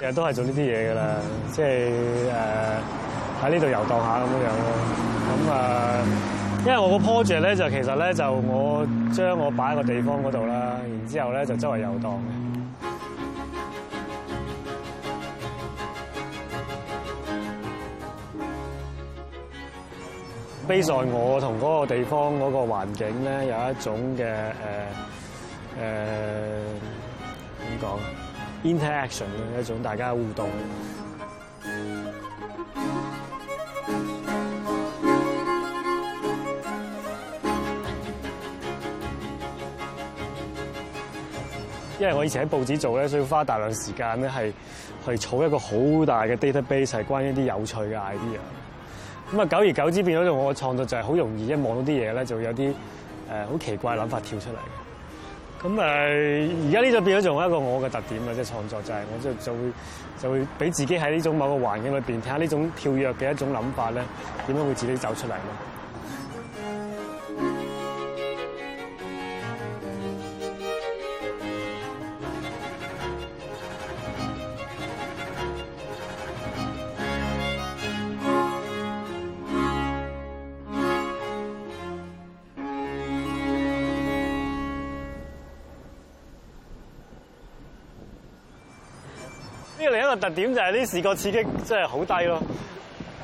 其實都係做呢啲嘢噶啦，即係誒喺呢度遊蕩下咁樣樣咯。咁啊，因為我個 project 咧就其實咧就是我將我擺喺個地方嗰度啦，然之後咧就周圍遊蕩。base 在我同嗰個地方嗰個環境咧有一種嘅誒誒點講？呃呃怎麼說？Interaction 咧一種大家互動。因為我以前喺報紙做咧，需要花大量時間咧，係去儲一個好大嘅 database 係關於一啲有趣嘅 idea。咁啊，久而久之變咗，我嘅創作就係好容易一望到啲嘢咧，就有啲誒好奇怪諗法跳出嚟。咁誒而家呢度變咗仲有一個我嘅特點啊，即係創作就係我即係就就會就會俾自己喺呢種某個環境裏邊睇下呢種跳躍嘅一種諗法咧，點樣會自己走出嚟咯。呢個另一個特點就係啲視覺刺激真係好低咯。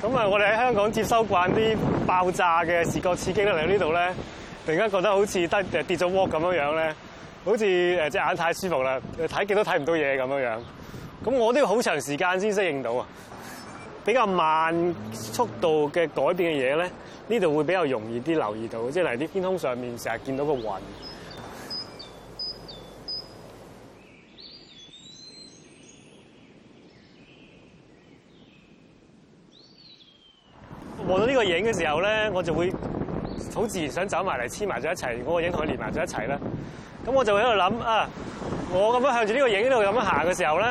咁啊，我哋喺香港接收慣啲爆炸嘅視覺刺激咧，嚟到呢度咧，突然間覺得好似得跌咗窩咁樣樣咧，好似誒隻眼太舒服啦，睇極都睇唔到嘢咁樣樣。咁我都要好長時間先適應到啊。比較慢速度嘅改變嘅嘢咧，呢度會比較容易啲留意到。即係嚟啲天空上面成日見到個雲咧，我就會好自然想走埋嚟，黐埋咗一齊，嗰個影同佢連埋咗一齊咧。咁我就會喺度諗啊，我咁樣向住呢個影呢度咁樣行嘅時候咧，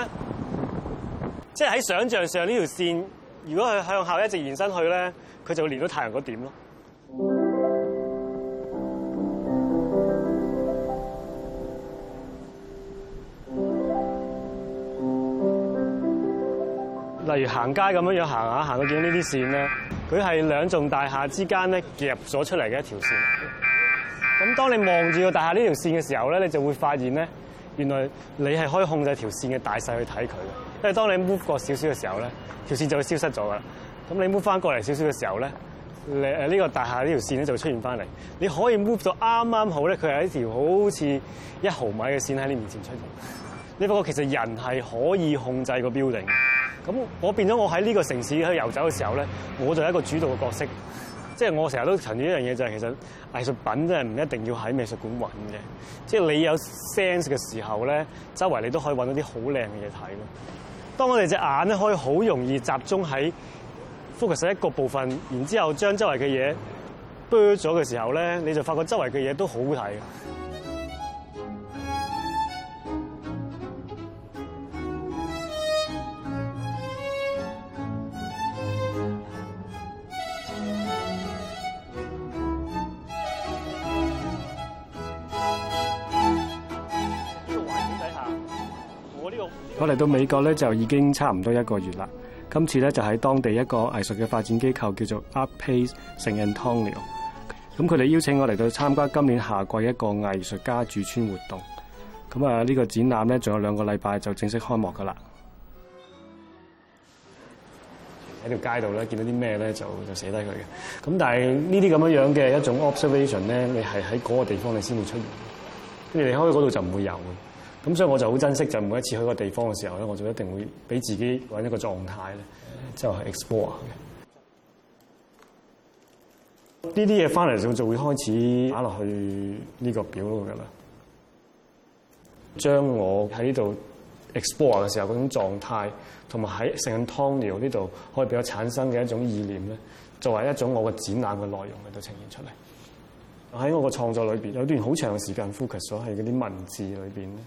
即係喺想像上呢條線，如果佢向後一直延伸去咧，佢就會連到太陽嗰點咯。 例如行街咁樣樣行下，行到見到呢啲線咧。佢係兩棟大廈之間咧夾咗出嚟嘅一條線。咁當你望住個大廈呢條線嘅時候咧，你就會發現咧，原來你係可以控制條線嘅大細去睇佢。因為當你 move 過少少嘅時候咧，條線就會消失咗㗎啦。咁你 move 翻過嚟少少嘅時候咧，誒呢個大廈呢條線咧就會出現翻嚟。你可以 move 到啱啱好咧，佢係一條好似一毫米嘅線喺你面前出現。你發覺其實人係可以控制個 building。咁我變咗，我喺呢個城市去遊走嘅時候咧，我就係一個主導嘅角色。即係我成日都陳展一樣嘢，就係其實藝術品真係唔一定要喺美術館揾嘅。即係你有 sense 嘅時候咧，周圍你都可以揾到啲好靚嘅嘢睇咯。當我哋隻眼咧可以好容易集中喺 focus 喺一個部分，然之後將周圍嘅嘢 blur 咗嘅時候咧，你就發覺周圍嘅嘢都好好睇。我嚟到美國咧就已經差唔多一個月啦。今次咧就喺當地一個藝術嘅發展機構叫做 Artpace San Antonio，咁佢哋邀請我嚟到參加今年夏季一個藝術家駐村活動。咁啊，呢個展覽咧仲有兩個禮拜就正式開幕噶啦。喺條街度咧見到啲咩咧，就就寫低佢嘅。咁但係呢啲咁樣樣嘅一種 observation 咧，你係喺嗰個地方你先會出現，你離開嗰度就唔會有咁所以我就好珍惜，就每一次去一個地方嘅時候咧，我就一定會俾自己揾一個狀態咧，即係 explore 嘅。呢啲嘢翻嚟就就會開始打落去呢個表度噶啦。將我喺呢度 explore 嘅時候嗰種狀態，同埋喺聖安東利奧呢度可以比較產生嘅一種意念咧，作為一種我嘅展覽嘅內容嚟到呈現出嚟。喺我個創作裏邊有段好長嘅時間 focus 咗喺啲文字裏邊。咧。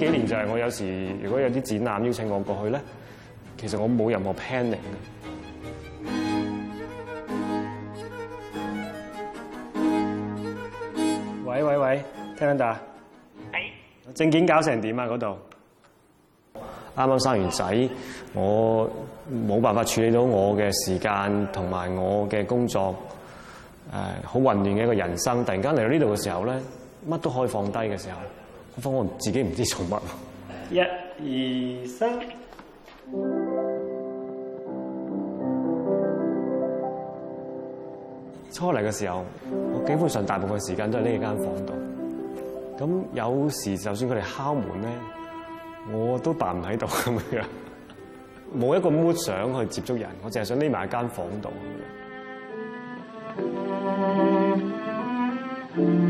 幾年就係我有時如果有啲展覽邀請我過去咧，其實我冇任何 planning 嘅。喂喂喂，聽唔聽到？係。證件搞成點啊？嗰度？啱啱生完仔，我冇辦法處理到我嘅時間同埋我嘅工作，誒好混亂嘅一個人生。突然間嚟到呢度嘅時候咧，乜都可以放低嘅時候。反正我自己唔知做乜。一、二、三。初嚟嘅時候，我基本上大部分時間都喺呢間房度。咁有時就算佢哋敲門咧，我都扮唔喺度咁樣。冇 一個 mood 想去接觸人，我淨係想匿埋喺間房度咁樣。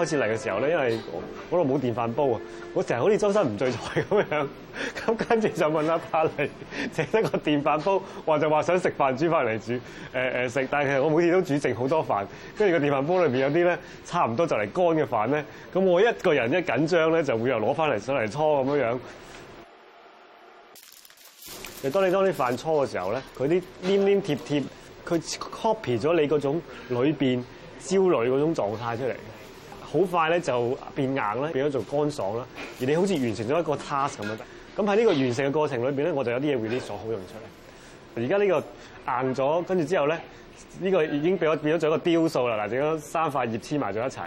開始嚟嘅時候咧，因為我嗰度冇電飯煲啊，我成日好似周身唔聚財咁樣。咁跟住就問 Artpace 借得個電飯煲，或就話想食飯煮翻嚟煮誒誒食。但係我每次都煮剩好多飯，跟住個電飯煲裏邊有啲咧差唔多就嚟乾嘅飯咧。咁我一個人一緊張咧，就會又攞翻嚟上嚟搓咁樣樣。你當你當啲飯搓嘅時候咧，佢啲黏黏貼貼，佢 copy 咗你嗰種裏邊焦慮嗰種狀態出嚟。好快咧就變硬啦，變咗做乾爽啦。而你好似完成咗一個 task 咁樣嘅。咁喺呢個完成嘅過程裏面咧，我就有啲嘢 release 咗好用出嚟。而家呢個硬咗，跟住之後咧，呢個已經變咗變咗做一個雕塑啦。嗱，整嗰三塊葉黐埋咗一齊。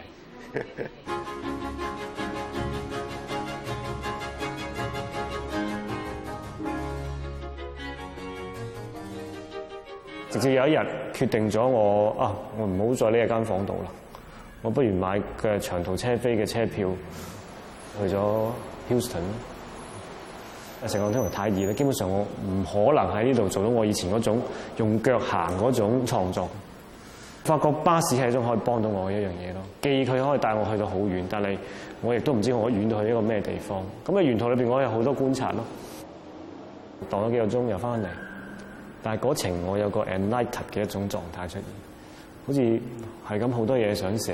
直至有一日決定咗我啊，我唔好再喺呢一間房度啦。我不如買嘅長途車飛嘅車票去咗 Houston，成個天台太熱啦，基本上我唔可能喺呢度做到我以前嗰種用腳行嗰種創作。發覺巴士係一種可以幫到我嘅一樣嘢咯，既佢可以帶我去到好遠，但係我亦都唔知我遠到去一個咩地方。咁喺沿途裏面，我有好多觀察咯，當咗幾個鐘又翻嚟，但係嗰程我有個 enlightened 嘅一種狀態出現，好似～係咁好多嘢想寫。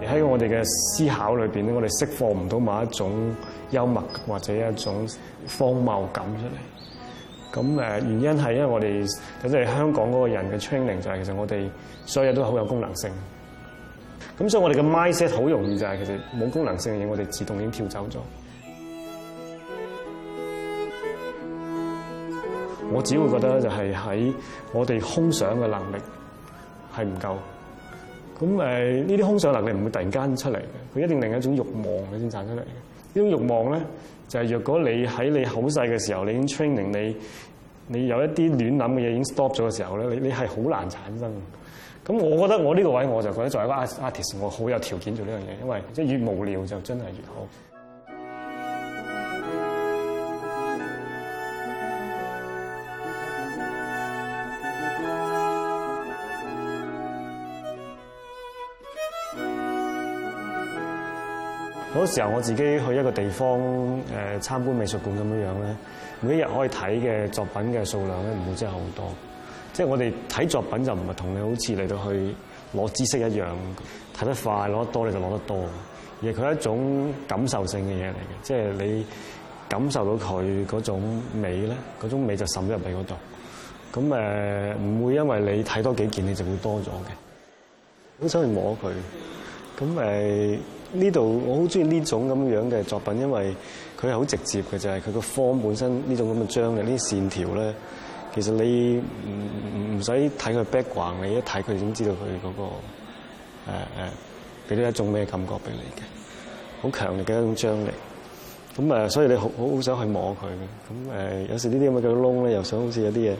你喺我哋嘅思考裏面，咧，我哋釋放唔到某一種幽默或者一種荒謬感出嚟。咁誒原因係因為我哋，即係香港嗰個人嘅 training 就係其實我哋所有嘢都好有功能性。咁所以，我哋嘅 mindset 好容易就係其實冇功能性嘅嘢，我哋自動已經跳走咗。我只會覺得就係喺我哋空想嘅能力係唔夠。咁誒呢啲空想能力唔會突然間出嚟嘅，佢一定另一種慾望你先產出嚟嘅。呢種慾望咧，就係若果你喺你好細嘅時候，你已經 training 你。你有一啲亂諗嘅嘢已經 stop 咗嘅時候咧，你你係好難產生嘅。咁我覺得我呢個位置我就覺得作為一個 artist，我好有條件做呢樣嘢，因為即係越無聊就真係越好。有時候我自己去一個地方誒，參觀美術館咁樣樣咧，每一日可以睇嘅作品嘅數量咧，唔會真係好多。即係我哋睇作品就唔係同你好似嚟到去攞知識一樣，睇得快攞得多你就攞得多。而佢係一種感受性嘅嘢嚟嘅，即係你感受到佢嗰種美咧，嗰種美就滲入你嗰度。咁誒唔會因為你睇多幾件你就會多咗嘅。好想去摸佢，咁咪～呃呢度我好中意呢種咁樣嘅作品，因為佢係好直接嘅，就係佢個方本身呢種咁嘅張嘅呢啲線條咧，其實你唔唔唔使睇佢 background，你一睇佢已經知道佢嗰個誒誒俾到一種咩感覺俾你嘅，好強烈嘅一種張力。咁啊，所以你好好想去摸佢嘅。咁誒，有時呢啲咁嘅叫窿咧，又想好似有啲嘢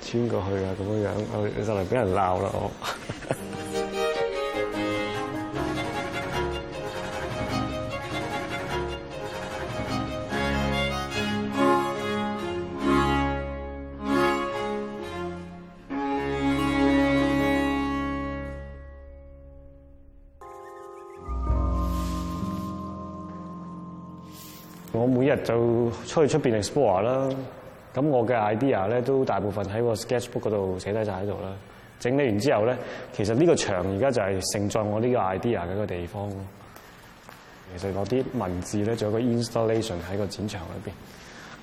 穿過去啊咁樣樣，就嚟俾人鬧啦我。 我每日就出去出邊 explore 啦，咁我嘅 idea 咧都大部分喺個 sketchbook 嗰度寫低晒喺度啦。整理完之後咧，其實呢個牆而家就係盛載我呢個 idea 嘅一個地方。其實攞啲文字咧，仲有個 installation 喺個展場裏邊，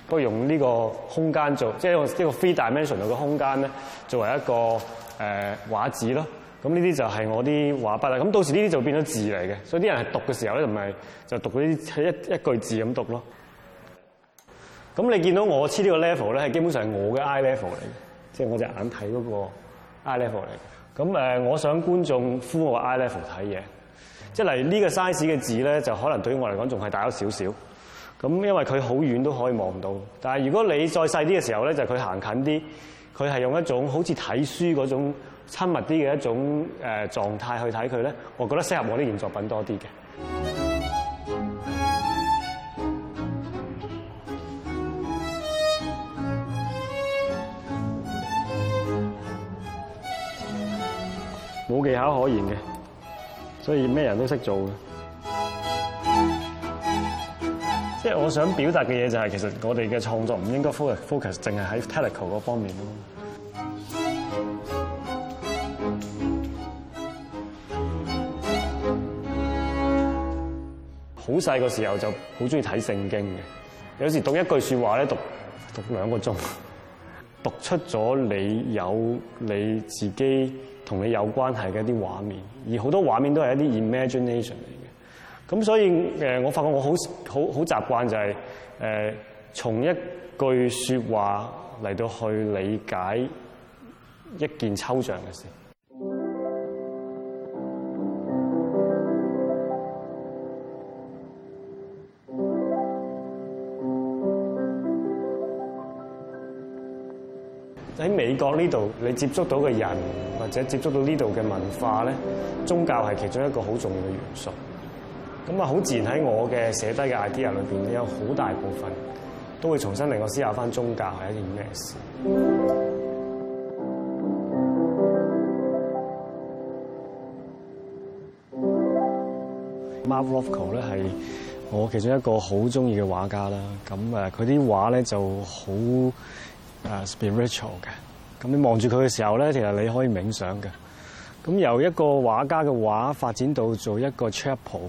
不過用呢個空間做，即係用呢個 three dimension 度嘅空間咧，作為一個誒、呃、畫紙咯。咁呢啲就係我啲畫筆啦。咁到時呢啲就變咗字嚟嘅，所以啲人係讀嘅時候咧，就咪就讀嗰啲一一句字咁讀咯。咁你見到我黐呢個 level 咧，係基本上係我嘅 I level 嚟嘅，即係我隻眼睇嗰個 I level 嚟。咁誒，我想觀眾呼我 I level 睇嘢，即係嚟呢個 size 嘅字咧，就可能對於我嚟講仲係大咗少少。咁因為佢好遠都可以望到，但係如果你再細啲嘅時候咧，就佢行近啲，佢係用一種好似睇書嗰種。親密啲嘅一種誒狀態去睇佢咧，我覺得適合我呢件作品多啲嘅。冇技巧可言嘅，所以咩人都識做嘅。即係我想表達嘅嘢就係，其實我哋嘅創作唔應該 focus focus 淨係喺 technical 嗰方面咯。好細個時候就好中意睇聖經嘅，有時讀一句說話咧，讀讀兩個鐘，讀出咗你有你自己同你有關係嘅一啲畫面，而好多畫面都係一啲 imagination 嚟嘅。咁所以誒，我發覺我好好好習慣就係、是、誒，從一句說話嚟到去理解一件抽象嘅事。美國呢度，你接觸到嘅人或者接觸到呢度嘅文化咧，宗教係其中一個好重要嘅元素。咁啊，好自然喺我嘅寫低嘅 idea 裏邊，有好大部分都會重新令我思考翻宗教係一件咩事。Marvlofco e 咧係我其中一個好中意嘅畫家啦。咁誒，佢啲畫咧就好誒 spiritual 嘅。咁你望住佢嘅時候咧，其實你可以冥想嘅。咁由一個畫家嘅畫發展到做一個 chapel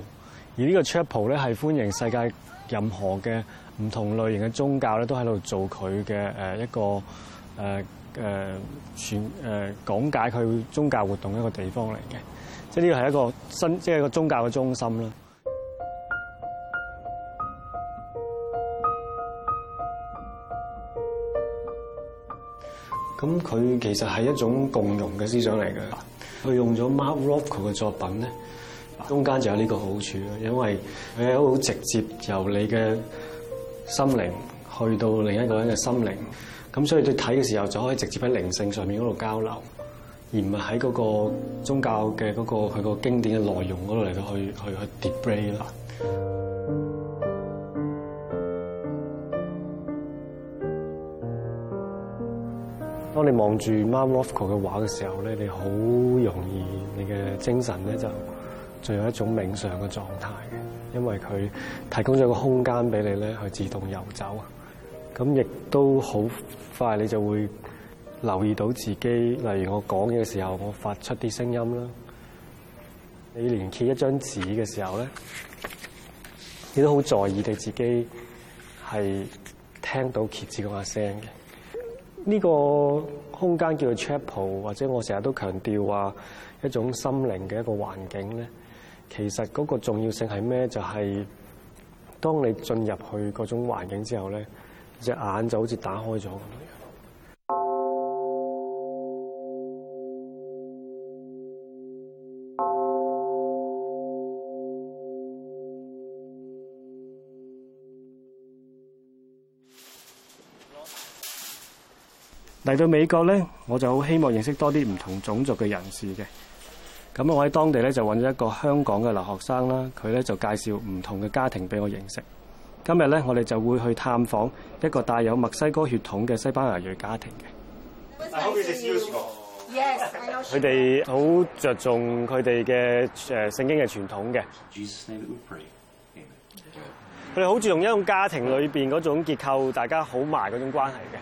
而呢個 chapel 咧係歡迎世界任何嘅唔同類型嘅宗教咧，都喺度做佢嘅誒一個誒誒傳誒講解佢宗教活動一個地方嚟嘅。即係呢個係一個新，即係一個宗教嘅中心啦。咁佢其實係一種共融嘅思想嚟嘅。佢用咗 Mark Rothko 嘅作品咧，中間就有呢個好處咯，因為佢係好直接由你嘅心靈去到另一個人嘅心靈，咁所以佢睇嘅時候就可以直接喺靈性上面嗰度交流，而唔係喺嗰個宗教嘅嗰個佢個經典嘅內容嗰度嚟到去去去 degrade 啦。當你望住 Mark Rothko 嘅畫嘅時候咧，你好容易你嘅精神咧就進入一種冥想嘅狀態嘅，因為佢提供咗個空間俾你咧去自動遊走，咁亦都好快你就會留意到自己，例如我講嘢嘅時候，我發出啲聲音啦；你連揭一張紙嘅時候咧，你都好在意你自己係聽到揭字噉個聲嘅。呢、這個空間叫做 chapel，或者我成日都強調話一種心靈嘅一個環境咧，其實嗰個重要性係咩？就係、是、當你進入去嗰種環境之後咧，隻眼就好似打開咗。嚟到美國咧，我就好希望認識多啲唔同種族嘅人士嘅。咁我喺當地咧就搵咗一個香港嘅留學生啦，佢咧就介紹唔同嘅家庭俾我認識。今日咧，我哋就會去探訪一個帶有墨西哥血統嘅西班牙裔家庭嘅。Yes。佢哋好着重佢哋嘅聖經嘅傳統嘅。Jesus name we pray，Amen。佢哋好注重一種家庭裏面嗰種結構，大家好埋嗰種關係嘅。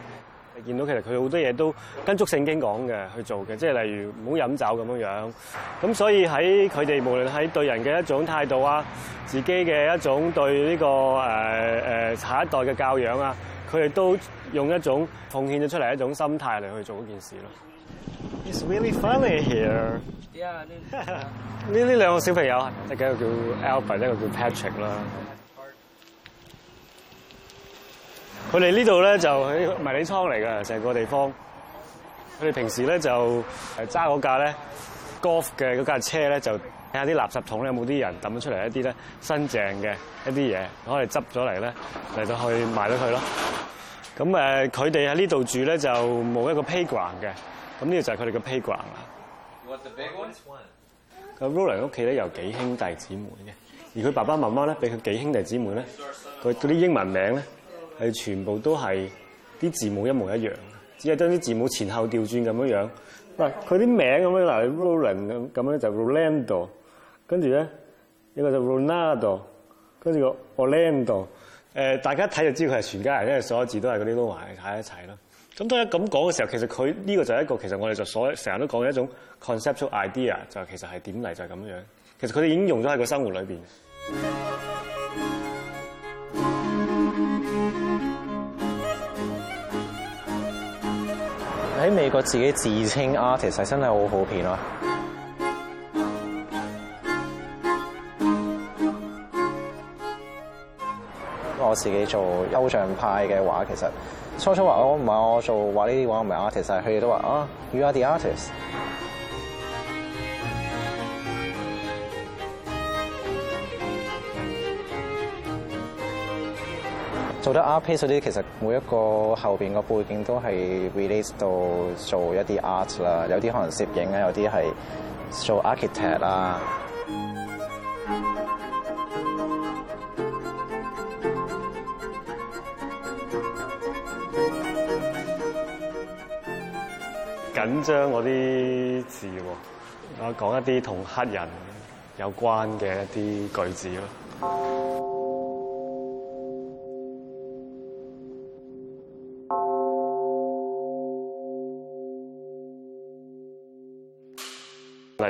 見到其實佢好多嘢都跟足聖經講嘅去做嘅，即係例如唔好飲酒咁樣樣。咁所以喺佢哋無論喺對人嘅一種態度啊，自己嘅一種對呢、這個誒誒、呃呃、下一代嘅教養啊，佢哋都用一種奉獻咗出嚟一種心態嚟去做嗰件事咯。It's really funny here. 呢 呢兩個小朋友，一個叫 Albert，一個叫 Patrick 啦。佢哋呢度咧就喺迷你倉嚟㗎，成個地方。佢哋平時咧就揸嗰架咧 golf 嘅嗰架車咧，就睇下啲垃圾桶咧有冇啲人抌出嚟一啲咧新淨嘅一啲嘢，可以執咗嚟咧嚟到去賣咗佢咯。咁誒，佢哋喺呢度住咧就冇一個 payground 嘅，咁呢個就係佢哋嘅 payground 啦。What the big one？個 Roland 屋企咧有幾兄弟姊妹嘅，而佢爸爸媽媽咧俾佢幾兄弟姊妹咧，佢啲英文名咧。係全部都係啲字母一模一樣，只係將啲字母前後調轉咁樣樣。嗱，佢啲名咁樣，嗱，Roland 咁樣就 Rolando，跟住咧呢個就 Ronaldo，跟住個 Orlando。誒，大家睇就知佢係全家人，因為所有字都係嗰啲撈埋喺一齊啦。咁當一咁講嘅時候，其實佢呢個就係一個，其實我哋就所成日都講嘅一種 conceptual idea，就係其實係點嚟就係咁樣樣。其實佢哋已經用咗喺個生活裏邊。喺美國自己自稱 artist 係真係好普遍啊！我自己做抽象派嘅畫，其實初初話我唔係我做畫呢啲畫，唔係 artist，佢哋都話啊，oh, you are the artist。做得 Artpace 啲，其實每一個後面個背景都係 release 到做一啲 art 啦，有啲可能攝影啊，有啲係做 architect 啊。緊張我啲字喎，我講一啲同黑人有關嘅一啲句子咯。嗯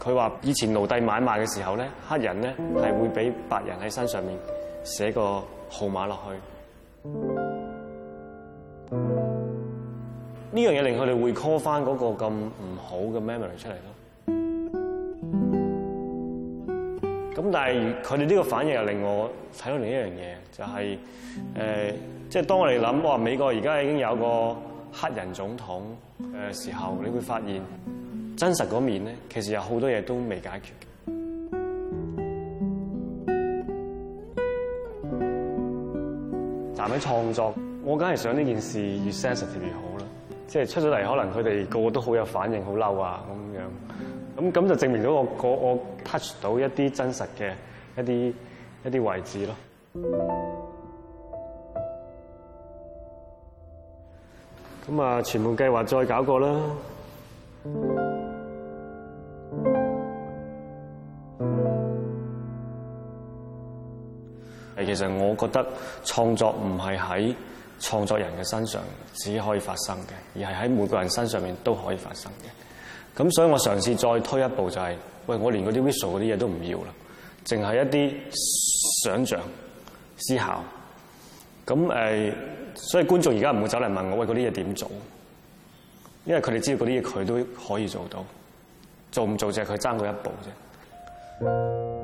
佢話：以前奴隸買賣嘅時候咧，黑人咧係會俾白人喺身上面寫個號碼落去。呢樣嘢令佢哋會 call 返嗰個咁唔好嘅 memory 出嚟咯。咁但係佢哋呢個反應又令我睇到另一樣嘢，就係誒，即係當我哋諗話美國而家已經有個黑人總統嘅時候，你會發現。真實嗰面咧，其實有好多嘢都未解決。站喺創作，我梗係想呢件事越 sensitive 越好啦。即係出咗嚟，可能佢哋個個都好有反應，好嬲啊咁樣。咁咁就證明到我我 touch 到一啲真實嘅一啲一啲位置咯。咁啊，全部計劃再搞過啦。其實我覺得創作唔係喺創作人嘅身上只可以發生嘅，而係喺每個人身上面都可以發生嘅。咁所以我嘗試再推一步，就係，就係喂，我連嗰啲 visual 嗰啲嘢都唔要啦，淨係一啲想像、思考。咁誒，所以觀眾而家唔會走嚟問我喂，嗰啲嘢點做，因為佢哋知道嗰啲嘢佢都可以做到，做唔做就係佢爭佢一步啫。